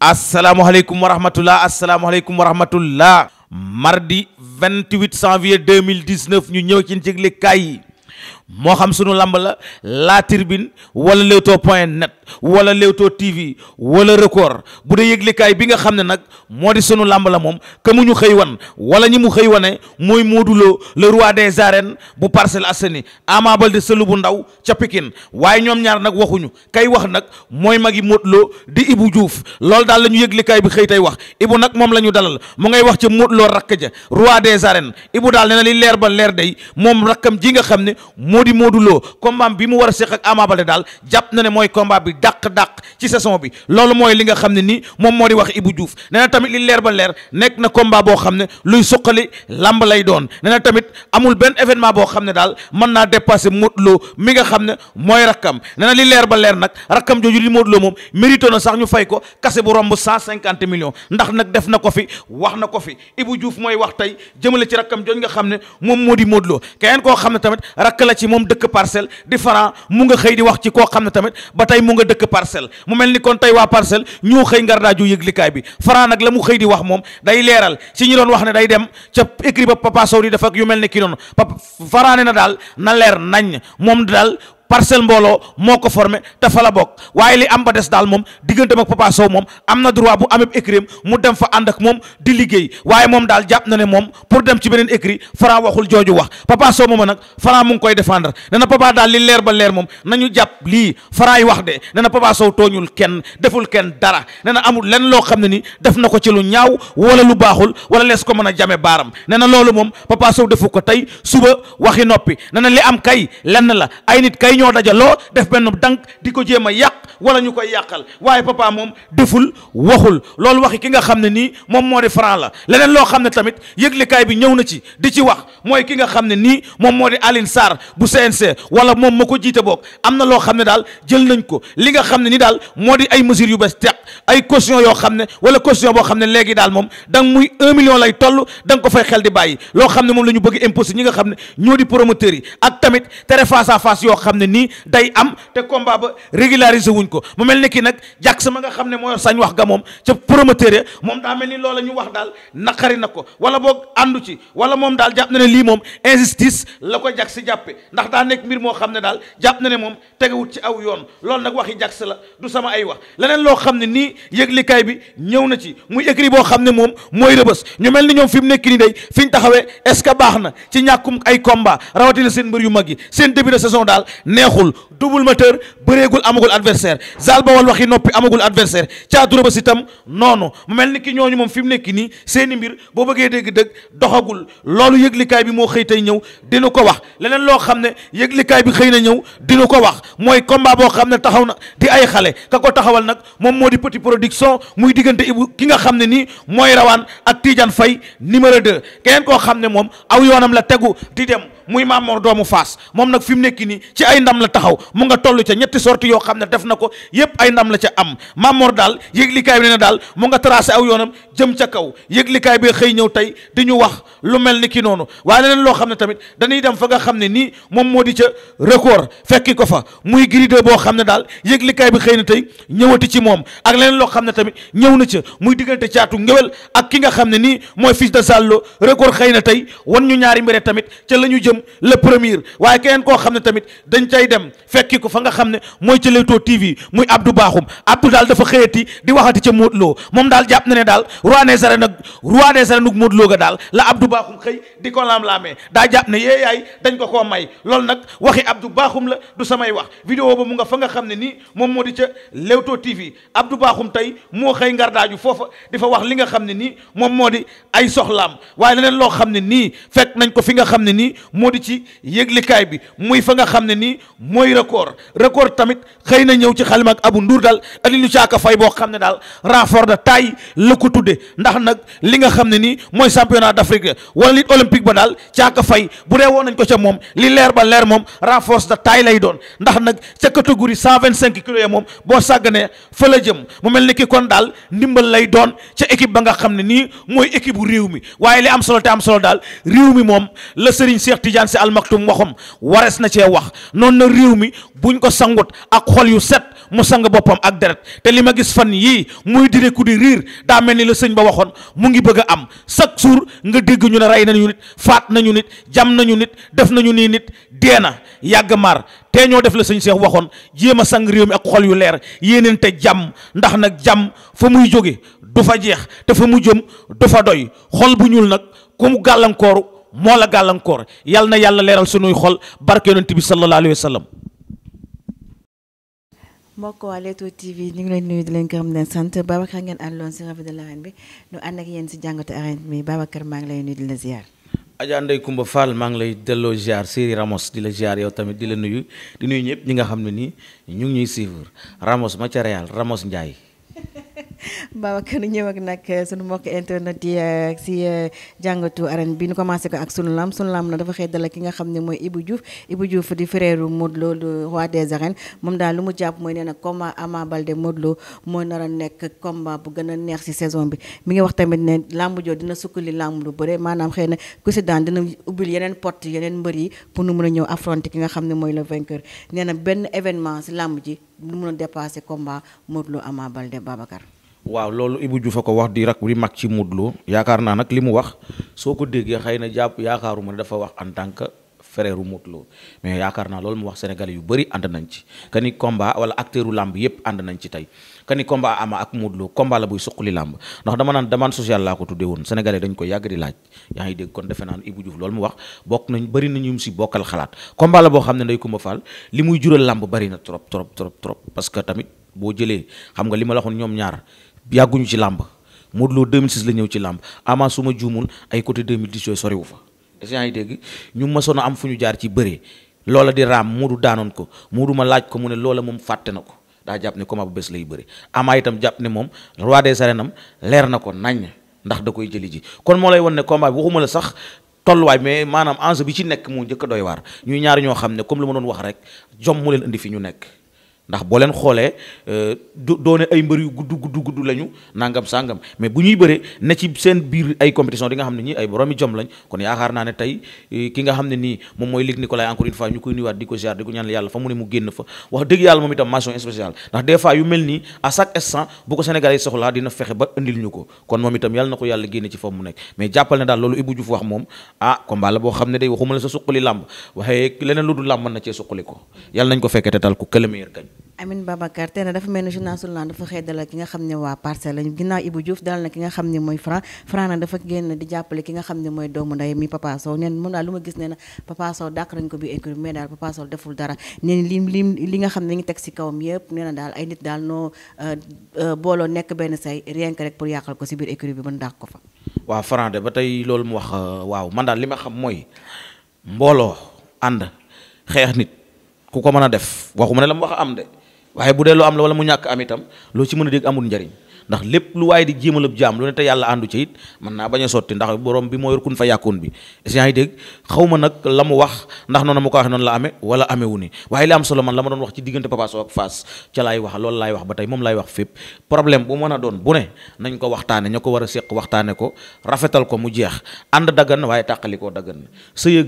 asalaamaaleykum wa rahmatullah asalaamaaleykum wa rahmatullah mardi 28 janvier 2019 ñu ñëw ci yëgle kaay yi moo xam sunu lamb la la tribune wala Leewtoo point net wala Leewtoo TV wala record bu dee yëglekaay bi nga xam ne nag moo di sunu lamb la moom que ñu xëy wan wala ñi mu xëy wane mooy Modou Lo le roi des arènes bu assen Assainies Ama Baldé sëlu bu ndaw ca Pikine waaye ñoom ñaar nag waxuñu kay wax nag mooy magi yi Lo di Ibou juuf loolu daal la ñu yëglekaay bi xëy tey wax Ibou nag moom la ñu dalal mu ngay wax ca Modou Lo rakk ja roi des arènes Ibou daal ba leer moo di Modou Lo combat bi mu war a seq ak daal jàpp na ne mooy combat bi dàq-dàq ci saison bi loolu mooy li nga xam ne nii moom moo di wax Ibou Diouf nee na tamit li leer ba leer nekk na combat boo xam ne luy suqali lamb lay doon nee na tamit amul benn événement boo xam ne daal mën naa dépasser Modou Lo mi nga xam ne mooy rakkam nee na li leer ba leer nag rakkam jooju li Modou moom mérité na sax ñu fay ko kase bu romb cent cinquante millions ndax nag def na ko fi wax na ko fi Ibou juuf mooy wax tey jëmale ci rakkam jooju nga xam ne moom moo di Modou Lo keneen koo moom dëkk parcelle di Franc mu nga xëy di wax ci koo xam ne tamit ba tey mu nga dëkk parcelle mu mel ni kon tey waa parcelle ñoo xëy ngar daaju yëglikaay bi Franc nag la mu xëy di wax moom day leeral si ñu doon wax ne day dem ca écrit ba Papa Sow di yu mel ni ki noonu Papa Franc ne na daal na leer nañ moom daal parcelle mbooloo moo ko formé te fa la bokk waaye li am ba des daal moom diggante ak Papa Sow moom am na droit bu amee écrit mu dem fa ànd ak moom di liggéey waaye moom daal jàpp na ne moom pour dem ci beneen écrit Franc waxul jooju wax Papa Sow moom nag Franc mu ngi koy défendre nee na Papa daal li leer ba leer moom nañu jàpp lii Franc yi wax de nee na Papa Sow tooñul kenn deful kenn dara nee na amul lenn loo xam ne ni def na ko ci lu ñaaw wala lu baaxul wala lees ko mën a jame baaram nee na loolu moom Papa Sow ko tey suba waxi noppi nee na li am kay lenn la ñoo dajaloo def benn dànk di ko jéem a yàq wala ñu koy yàqal waaye papa moom deful waxul loolu waxi ki nga xam ne nii moom moo di Franc la leneen loo xam ne tamit yëglikaay bi ñëw na ci di ci wax mooy ki nga xam ne nii moom moo di Alioune Sarr bu CNC wala moom ma ko jiite book am na loo xam ne daal jël nañ ko li nga xam ne ni daal moo di ay mesures yu bees teq ay caution yoo xam ne wala caution boo xam ne léegi daal moom dang muy un million lay toll da nga ko fay xel di bàyyi loo xam ne moom la ñu bëgg imposé ñi nga xam ne ñoo di promoteurs yi ak tamit tere face à yoo xam ne nii day am te combat ba wuñ ko mu mel ni kii nag jàk sama nga xam ne moo yor sañ wax nga moom ca promoteur ya moom daa mel ni loola ñu wax daal naqari na ko wala boog àndu ci wala moom daal jàpp na ne lii moom injustice la ko jàk si jàppe ndax daa nekk mbir moo xam ne daal jàpp na ne moom tegewut ci aw yoon loolu nag waxi jàk si la du sama ay wax leneen loo xam ne nii yëglikaay bi ñëw na ci muy écrit boo xam ne moom mooy rëbës ñu mel ni ñoom fi mu nekk nii day fi ñu taxawee est-ce que baax na ci ñàkkum ay combat rawatina seen mbër yu mag yi seen début de saison daal neexul double moteur bëreegul amagul adversaire Zal Bawol waxi noppi amagul adversaire Caatu Rebeuss itam noonu mu mel ni ki ñooñu moom fi mu nekk nii seeni mbir boo bëggee dégg-dëgg doxagul loolu yëglikaay bi moo xëy tey ñëw dina ko wax leneen loo xam ne yëglikaay bi xëy na ñëw dina ko wax mooy combat boo xam ne taxaw na di ay xale ka ko taxawal nag moom moo di petit production muy diggante ibu ki nga xam ne nii mooy rawaan ak tiijan Faye numéro 2 keneen koo xam ne moom aw yoonam la tegu di dem muy Maam doomu Faas moom nag fi mu nekk nii ci ay ndam la taxaw mu nga toll ca ñetti sorti yoo xam ne def na ko yépp ay ndam la ca am Maam daal yëglikaay bi nee na daal mu nga tracé aw yoonam jëm ca kaw yëglikaay bi xëy ñëw tey di ñu wax lu mel ni ki noonu waaye leneen loo xam ne tamit dañuy dem fa nga xam ne nii moom moo di ca record fekki ko fa muy gridé boo xam ne daal yëglikaay bi xëy na tey ñëwati ci moom ak leneen loo xam ne tamit ñëw na ca muy diggante caatu ngewel ak ki nga xam ne nii mooy fils de Sallo record xëy na tey wan ñu ñaari mbére tamit ca la ñu jëm jëm le premier waaye keneen koo xam ne tamit dañ cay dem ko fa nga xam ne mooy ca Leewtoo TV muy Abdou Bakhoum Abdou daal dafa xëyati di waxati ca Modou Lo moom daal jàpp na ne daal roi des arènes nag roi des arènes nag Modou Lo daal la Abdou Bakhoum xëy di ko laam-laamee daa jàpp ne yee yaay dañ ko ko may loolu nag waxi Abdou baaxum la du samay wax vidéo ba mu nga fa nga xam ne nii moom moo di ca Leewtoo TV Abdou baaxum tey moo xëy ngardaaju foofa di fa wax li nga xam ne nii moom moo di ay soxlaam waaye leneen loo xam ne nii fekk nañ ko fi nga xam ne nii moo di ci yëglikaay bi muy fa nga xam ne nii mooy record record tamit xëy na ñëw ci xalima ak abu nduur daal ak lu caaka fay boo xam ne daal renfort de taille la ko tudde ndax nag li nga xam ne nii mooy championnat d'Afrique wala lit olympique ba daal caaka fay bu dee woon nañ ko ca moom li leer ba leer moom renfort de taille lay doon ndax nag ca catégorie cent vingt cinq kilos ya moom boo sàgganee fa la jëm mu mel ni ki kon daal ndimbal lay doon ca équipe ba nga xam ne nii mooy équipe réew mi waaye li am solo am solo daal Tidiane si almaktum waxam warees na cee wax noonu na réew mi buñ ko sangut ak xol yu set mu sang boppam ak deret te li ma gis fan yii muy dire ku di riir daa mel ni la sëñ ba waxoon mu ngi bëgg a am chaque jour nga dégg ñu ne rey nañu nit faat nañu nit jam nañu nit def nañu nii nit dee na yàgg maar te ñoo def la sëñ Cheikh waxoon jéem a sang réew mi ak xol yu leer yéeneen te jàmm ndax nag jàmm fa muy jóge du fa jeex te fa mu jëm du fa doy xol bu ñuul nag moo la gàllankoor yal na yàlla leeral sunuy xol barke yonent bi sallallahu alayhi wa sallam mbokk waa Leewtoo TV ñu ngi leen nuyu di leen gërëm leen sant Babacar ngeen àndoon si revue de l'arène bi ak yéen si jàngatu arène bi Babacar maa ngi lay nuyu di la ziar. Adja Ndeye Kumba Fall maa ngi lay delloo ziar Siri Ramos di la ziar yow tamit di la nuyu di nuyu ñëpp ñi nga xam ne nii ñu ngi ñuy suivre Ramos Macha Ramos Ndiaye. Babacar ñëw ak nag eh, sunu mbokk internet yi eh, si eh, jàngatu arène bi nu commencé ko ak sunu lam sunu lam na dafa xëy dala ki nga xam ne mooy Ibou Diouf Ibou Diouf di frère Modou Lo roi des arènes moom daal lu mu jàpp mooy nee na combat Ama Baldé Modou Lo moo nar nekk combat bu gën a neex si saison bi mi ngi wax tamit ne làmb joo dina sukkali làmb lu bëre maanaam xëy na ku si daan dina ubbil yeneen porte yeneen mbër yi pour nu mun a ñëw affronter ki nga xam ne mooy le vainqueur nee na benn événement si làmb ji lu mën a dépasser combat Modou Lo Ama waaw loolu Ibou Diouf a ko wax di rak di mag ci Modou Lo yaakaar naa nag li mu wax soo ko déggee xëy na jàpp yaakaaruma ne dafa wax en tant que frère Modou Lo mais yaakaar naa loolu mu wax sénégalais yu bëri ànd nañ ci kani combat wala acteuru làmb yépp ànd nañ ci tey kani combat ama ak Modou Lo combat la buy suqali làmb ndax dama naan demande sociale laa ko tuddee woon sénégalais dañ ko yàgg di laaj yaa ngi dégg kon defe naan Ibou Diouf loolu mu wax bokk nañ bëri nañu si bokkal xalaat combat la boo xam ne Ndeye Coumba Fall li muy jural làmb bëri na trop trop trop trop parce que boo jëlee xam nga li ma ñoom ñaar yàgguñu ci làmb Modou Lo 2006 la ñëw ci làmb ama su ma juumul ay côté 2010 yooyu soriwu fa est-ce yaa ngi dégg ñu mësoon a am fu ñu jaar ci bëree loola di raam Modou daanoon ko Modou ma laaj ko mu ne loola moom fàtte na ko daa jàpp ne combat bu bees lay bëri ama itam jàpp ne moom roi des arènes am leer na ko nañ ndax da koy jëli ji kon moo lay won ne combat bi waxuma la sax tolluwaay mais maanaam enjeu bi ci nekk moo njëkk a doy waar ñuy ñoo xam ne comme lu ma doon wax rek jom indi fi ñu nekk ndax boo leen xoolee euh, du doone ay mbër yu gudd gudd gudd lañu nangam sangam mais bu ñuy bëree ne ci seen biir ay compétition di nga xam ne ñi ay boroomi jom lañ kon yaakaar naa ne tey euh, ki nga xam ne nii moom mooy Luc Nicolaï encore une fois ñu koy nuyuwaat di ko ziar di ko ñaan yu nii ko Sénégal yi soxlaa ko kon moom itam yàlla na ko yàlla génne ci fa mu nekk mais jàppal ne daal loolu Ibou Diouf wax moom ah combat boo xam ne day waxuma la sa suqali làmb waxee leneen lu du làmb mën na cee suqali ko yàlla nañ ko fekkete Amin Babacar tey nag dafa mel ni journal sunu dafa xëy dalal ki nga xam ne waa Parcelles lañu ginnaaw Ibou Diouf dalal na ki nga xam ne mooy Franc Franc nag dafa génn di jàppale ki nga xam ne mooy doomu nday mi Papa Sow neen moom lu ma gis ne na dàq euh, euh, booloo nekk benn say rien que rek ko si biir écurie bi mën dàq ko fa waaw Franc de ba tey loolu mu wax euh, waaw man daal li ma xam mooy mbooloo ànd xeex nit ku ko mën a def waxuma ne la mu wax am de waaye bu dee lu am la wala mu ñàkk am itam loo ci mën a dégg amul njariñ ndax lépp lu waaye di jéemalab jaam lu ne te yàlla àndu ci it mën naa bañ a sotti ndax borom bi moo yor kun fa yàkkoon bi yaa ngi dégg xaw ma nag la mu wax ndax noonu ma ko waxee noonu la amee wala amewu ni waaye li am solo man la ma doon wax ci diggante Papa Sow ak Fass ca laay wax loolu laay wax ba tey moom laay wax fépp problème bu mën a doon bu ne nañ ko waxtaane ña ko war a séq waxtaane ko rafetal ko mu jeex ànd daggan waaye tàqali koo daggan sëy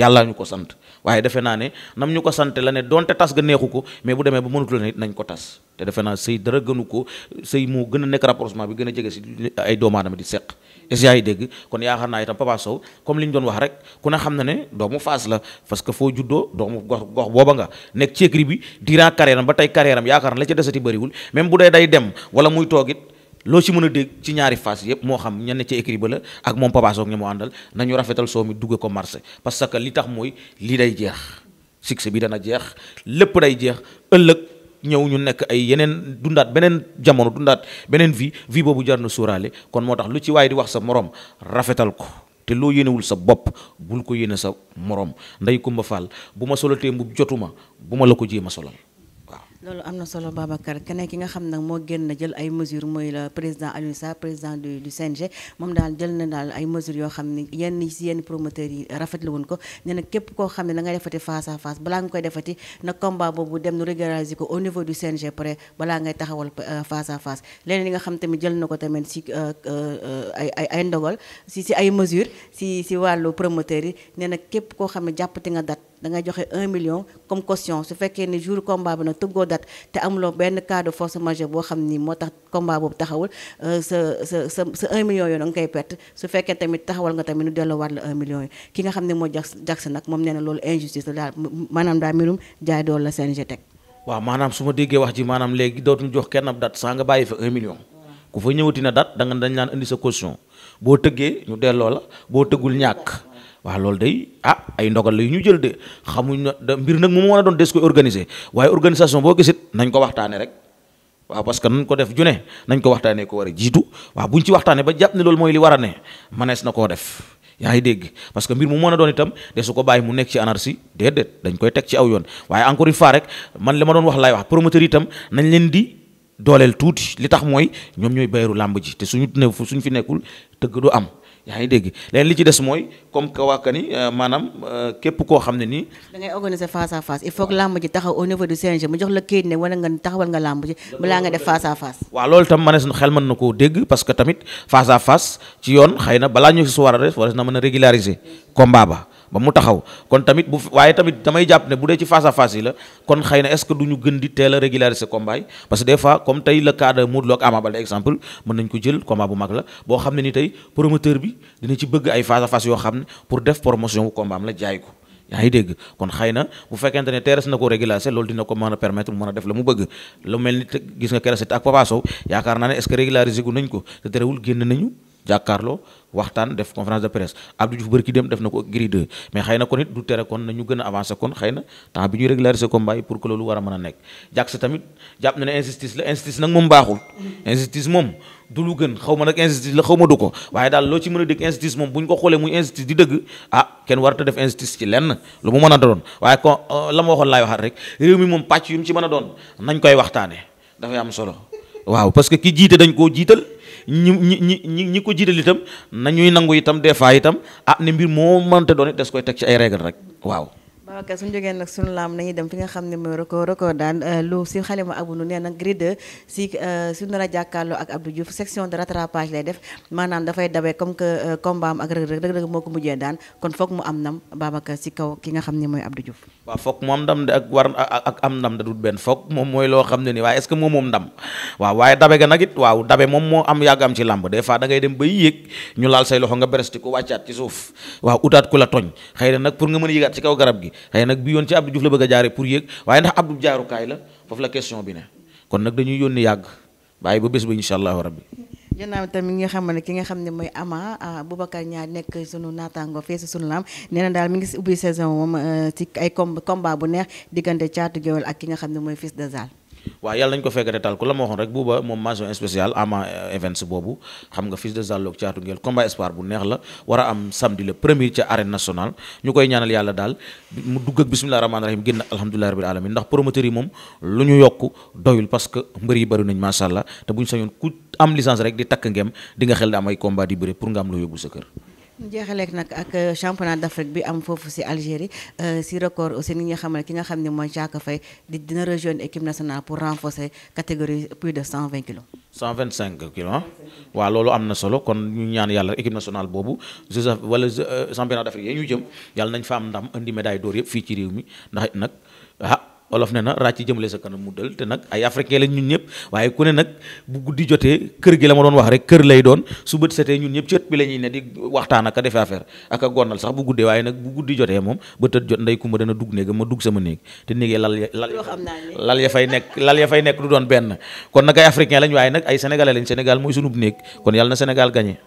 yàllaa ñu ko sant waaye defe naa ne nam ñu ko sant la ne donte tas ga neexu ko mais bu demee ba mënatul nañ ko tas te defe naa sëy dara gënu ko sëy moo gën a nekk rapprochement bi a jege si ay doomu aadama di ngi dégg kon yaakaar naa itam Papa Sow comme li ñu doon wax rek ku ne xam na ne doomu Fass la parce que foo juddoo doomu gox gox booba nga nekk ci bi durant carrière am ba tey carrière am yaakaar na la ca desati bëriwul même bu dee day dem wala muy toog loo ci mën a dégg ci ñaari phase yëpp moo xam ñenn ci écrit ba la ak moom Papa Sow ñu mu àndal nañu rafetal soo mi dugg ko marché parce que li tax mooy lii day jeex succès bi dana jeex lépp day jeex ëllëg ñëw ñu nekk ay yeneen dundaat beneen jamono dundaat beneen vie vie boobu jar na sóoraale kon moo tax lu ci waaye di wax sa morom rafetal ko te loo yéenewul sa bopp bul ko yéene sa morom nday Kumba Fall bu ma solatee mbubb jotuma bu ma la ko jéem a solal loolu am na solo Babacar keneen ki nga xam nag moo génn jël ay mesures mooy la président Alioune président du du moom daal jël na daal ay mesures yoo xam ni yenn si yenn promoteurs yi rafetlu woon ko nee na képp koo xam ne da ngay defati face à face balaa nga koy defati na combat boobu dem nu régulariser ko au niveau du CNG près balaa ngay taxawal euh, face à li nga xam tamit jël na ko tamit si euh, euh, ay ay ay ndogal si si ay mesures si si wàllu promoteurs yi nee nag képp koo xam ne jàppati nga date da ngay joxe 1 million comme caution su fekkee ni jour combat bi nag tëggoo date te amuloo benn cas force majeure boo xam ni moo tax combat boobu taxawul euh, sa sa sa sa 1 million yooyu da nga koy perte su fekkee tamit taxawal nga tamit nu delloowaat la 1 million yi ki nga xam ne moo jax jax nag moom nee na loolu injustice la daal maanaam daal mbirum jaay dool la CNG teg waaw maanaam su ma déggee wax ji maanaam léegi dootuñu jox kenn ab date saa nga bàyyi million ku fa ñëwati na sa caution boo tëggee ñu delloo la boo tëggul ñàkk waaw loolu de a ah, ay ndogal la yu ñu jël de xamuñ na mbir nag mu mën a doon des koy organiser waaye organisation boo gisit nañ ko waxtaane rek waaw parce que nañ ko def june nañ ko waxtaanee ko war a jiitu waaw buñ ci waxtaanee ba jàpp ne loolu mooy li war a ne manees na koo def yaa ngi dégg parce que mbir mu mën a doon itam de su ko bàyyi mu nekk ci anarchie déedéet dañ koy teg ci aw yoon waaye encore une fois rek man li ma doon wax laay wax promoteur itam nañ leen di dooleel tuuti li tax mooy ñoom ñooy bayeru làmb ji te suñu ne suñu fi nekkul tëgg du am yaa ngi dégg leneen li ci des mooy comme que euh, maanaam euh, képp koo xam ne nii. da ngay organiser face à face il faut que làmb ji taxaw au niveau du CNG mu jox la kayit ne wala nga taxawal nga làmb ji balaa nga def face à face. waaw loolu tam ma ne xel mën na koo dégg parce que tamit face à face ci yoon xëy na balaa ñu si war a def war na mën a régulariser combat ba. ba mu taxaw kon tamit bu waaye tamit damay jàpp ne bu dee ci face à face yi xëy na est-ce que ñu gën di teel a régulariser combat yi parce que des fois comme tey le cas de Modou Lo ak Ama Baldé xam ne ni tey promoteur bi dina ci bëgg ay face à face xam ne pour def promotion bu combat am ko yaa ngi dégg kon na bu fekkente ne teeres na ko régulariser loolu dina ko mën a permettre mu a def la mu bëgg lu ni gis nga keroog ak Papa Sow yaakaar naa ne est-ce que régulariser gu nañ ko te terewul génn nañu jàkkaarloo waxtaan def conférence de presse Abdou Diouf bërki dem def na ko gri 2 mais xëy na kon it du tere kon nañu gën a avancé kon xëy na bi ñuy régulariser combat yi pour que loolu war a mën a nekk jàk sa tamit jàpp na injustice la injustice nag moom baaxul injustice moom du lu gën xaw nag injustice la xaw du ko waaye daal loo ci mën a dégg injustice moom bu ko xoolee muy injustice di dëgg ah kenn warata def injustice ci lenn lu mu mën a doon waaye euh, a ñi ñi ñi ñi ko jiital itam nañuy nangu itam des fois itam ah ne mbir moo mënte doon it des koy teg ci ay règle rek waaw ok suñu laam nañuy dem fi nga xam ne mooy record record daan euh, lu si xalima abunu nee na Gris 2 si euh, su nar a jàkkaarloo ak Abdou Diouf section de rattrapage lay def maanaam dafay dawee comme que euh, combat am ko daan kon foog mu am ndam Babacar si kaw ki nga xam ne mooy Abdou Diouf waaw foog mu am ndam de ak war ak am ndam da dut benn foog moom mooy loo xam ne nii waaye est moom moom ndam waaw waaye dabe ga nag it waaw dabe moom moo am yàgg am ci làmb des fois da dem ba yéeg ñu laal say loxo nga beresti ko wàccaat ci suuf waaw utaat ku la toñ xëy na nag pour mën a ci kaw garab gi xëy nag bi yoon ci Abdou Diouf la bëgg a pour yéeg waaye ndax Abdou jaarukaay la foofu la question bi ne kon nag dañuy yónni yàgg bàyyi ba bés ba incha allahu rabbi jënnaam tamit nga xam ne ki nga xam ne mooy Ama ah, Boubacar ñaar nekk sunu naataango fee si sunu laam nee na daal mi ngi si ubbi saison moom ah, ci ay combat bu neex diggante caatu géwél ak ki nga xam ne mooy fils de Zal waaw yàlla nañ ko fekk retal ku la ma waxoon rek buuba moom mention spéciale ama eh, events boobu xam nga fils de Zallo ak Caatu combat espoir bu neex la war a am samedi le premier ca arène nationale ñu koy ñaanal yàlla daal mu dugg ak bisimilah rahmaani rahim génn alhamdulilah rabil alamin ndax promoteurs yi moom lu ñu yokk doyul parce que mbër yi bëri nañ macha allah te bu ñu sañoon ku am licence rek di takk ngem di nga xel da am ay combat di bëri pour nga am loo yóbbu sa kër ñu nag ak euh, championnat d'Afrique bi am foofu ci Algérie si euh, record aussi ni nga xam ne ki nga xam ne mooy Thiaka Faye di dina rejoindre équipe nationale pour renforcer catégorie plus de 120 kilos. 125 kilos waaw loolu am na solo kon ñu ñaan yàlla équipe nationale boobu jeux wala euh, championnat d'Afrique yi ñu jëm yàlla nañ fa am ndam indi médaille door yëpp fii ci réew mi ndax nag ah. olof ne na ràcc jëmale sa kanam mu dal te nag ay africain lañ ñun ñëpp waaye ku ne nag bu guddi jotee kër gi la ma doon wax rek kër lay doon su bët setee ñun ñëpp ci bi la ñuy ne di waxtaan ak a defee affaire ak a gonnal sax bu guddee waaye nag bu guddi jotee moom bët tët jot ndey kumba dana dugg néegam ma dugg sama néeg te néegee lal ya lal ya fay nekk lal ya fay nekk du doon benn kon nag ay africain lañ waaye nag ay sénégalais lañ Sénégal mooy sunub néeg kon yàlla na Sénégal gagné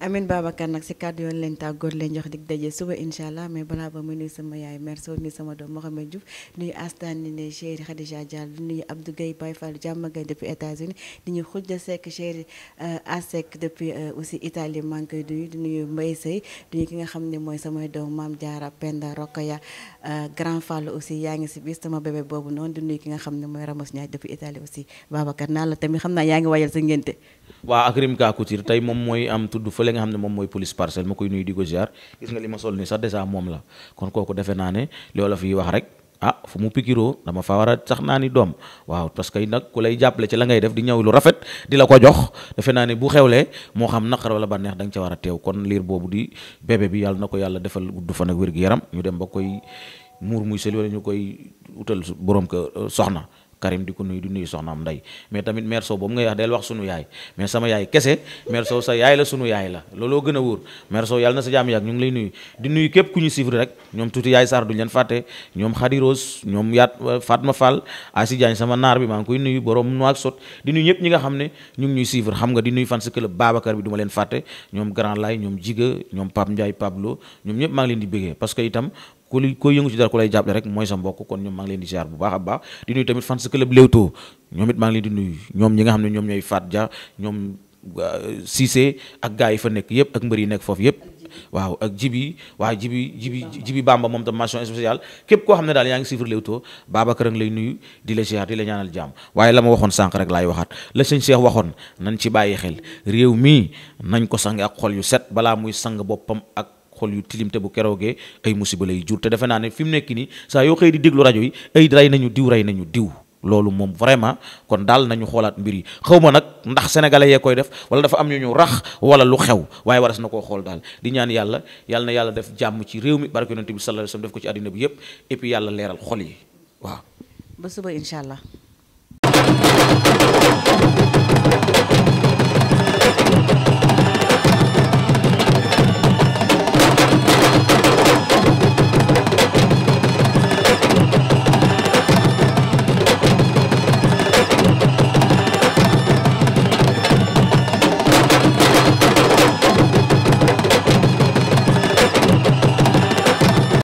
amin Babacar nag si kàddu yoon leen tàggoor leen jox dig daje suba incha allah mais balaa ba muy nuyu sama yaay mère Sow nuyu sama doom Mohamed Diouf nuyu Astane Nene chéri Khadija Diallo nuyu Abdou Gueye Baye Fall jàmmagay depuis États-Unis di euh, depuis euh, Italie maa ngi koy nuyu di nuyu Mbaye Seye di ki nga xam ne mooy samay doom Maam Diarra Penda ya euh, Grand Fall aussi yaa ngi si biir sama bébé boobu noonu di nuyu ki nga xam ne mooy Ramos Niaye depuis Italie aussi Babacar naa la tamit xam naa yaa ngi wayal sa ngénte li nga xam ne moom mooy police parcelle ma koy nuyu di ko ziar gis nga li ma sol nii sa dèjà moom la kon kooku defe naa ne loolu la fi wax rek ah fu mu pikiroo dama fa war a sax naa ni doom waaw parce que nag ku lay jàppale ci la ngay def di ñëw lu rafet di la ko jox defe naa ne bu xewlee moo xam naqar wala bànneex da nga ca war a teew kon liir boobu di bébé bi yàlla na ko yàlla defal gudd fan ak wér-gu-yaram ñu dem ba koy muur muy sëli wala ñu koy utal borom ko soxna Karim di ko nuyu di nuyu soxnaam nday mais tamit mère Sow boobu ngay wax del wax sunu yaay mais sama yaay kese mère Sow sa yaay la sunu yaay la looloo gën a wóor mère Sow yàlla na sa jàmm yàgg ñu ngi lay nuyu di nuyu képp ku ñu suivre rek ñoom tuuti yaay Sarr duñ leen fàtte ñoom Khady Rose ñoom yaat euh, Fatma Fall Asi Diagne sama naar bi maa ngi koy nuyu borom noak sot di nuyu ñëpp ñi nga xam ne ñu ngi ñuy xam nga di nuyu fans club Babacar bi ku li koy yëngu ci dara ku lay jàppale rek mooy sa mbokk kon ñoom maa ngi leen di ziar bu baax a baax di nuyu tamit si club Leewtoo ñoom it maa leen di nuyu ñoom ñi nga xam ne ñoom ñooy Fat Dia ñoom Cissé ak gars yi fa nekk yëpp ak mbër yi nekk foofu yëpp waaw ak jibi waaw jibi jibi baam bamba moom tam mention spéciale képp koo xam ne daal yaa ngi suivre Leewtoo Babacar a ngi lay nuyu di la ziar di la ñaanal jàmm waaye la ma waxoon sànq rek laay waxaat la sëñ Cheikh waxoon nañ ci bàyyi xel réew mii nañ ko sang ak xol yu set balaa muy sang boppam ak xol yu tilim te bu keroogee ay musiba lay jur te defe naa ne fi mu nekk nii saa yoo xëy di déglu rajo yi ay rey nañu diw rey nañu diw loolu moom vraiment kon daal nañu xoolaat mbir yi xaw ma nag ndax sénégalais yee koy def wala dafa am ñu ñu rax wala lu xew waaye waras na koo xool daal di ñaan yàlla yàlla yàlla def jàmm ci réew mi barke yonent bi sallallahu alayhi def ko ci àddina bi yépp et yàlla leeral xol yi waaw ba suba incha